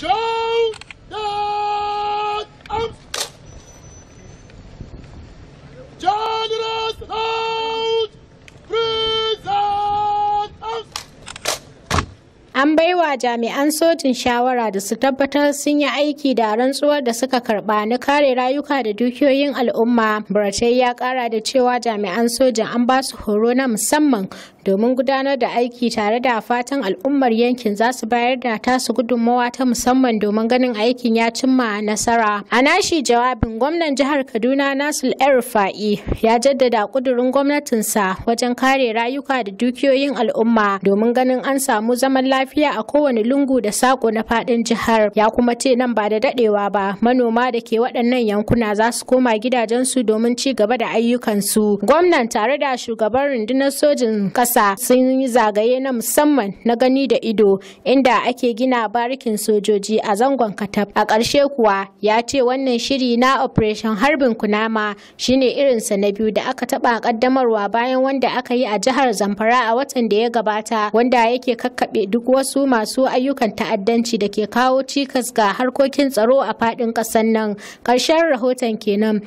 Show! An baiwa jami'an sojin shawara da su tabbatar sun yi aiki da rantsuwar da suka karba na kare rayuka da dukiyoyin al'umma. Buratai ya kara da cewa jami'an sojin an ba su horo na musamman domin gudanar da aiki tare da fatan al'ummar yankin za su bayar da tasu gudunmawa ta musamman domin ganin aikin ya cimma nasara. A nashi jawabin gwamnan jihar Kaduna nasul El-Rufa'i ya jaddada kudurin gwamnatinsa wajen kare rayuka da dukiyoyin al'umma domin ganin an samu zaman lafiya lafiya a kowane lungu da sako na faɗin jihar ya kuma ce nan ba da daɗewa ba manoma da ke waɗannan yankuna za su koma gidajensu domin ci gaba da ayyukansu gwamnan tare da shugaban rundunar sojin ƙasa sun yi zagaye na musamman na gani da ido inda ake gina barikin sojoji a zangon katab a ƙarshe kuwa ya ce wannan shiri na operation harbin kunama shine irinsa na biyu da aka taɓa ƙaddamarwa bayan wanda aka yi a jihar zamfara a watan da ya gabata wanda yake kakkaɓe duk wasu masu ayyukan ta'addanci da ke kawo cikas ga harkokin tsaro a faɗin ƙasar nan. Ƙarshen rahoton kenan.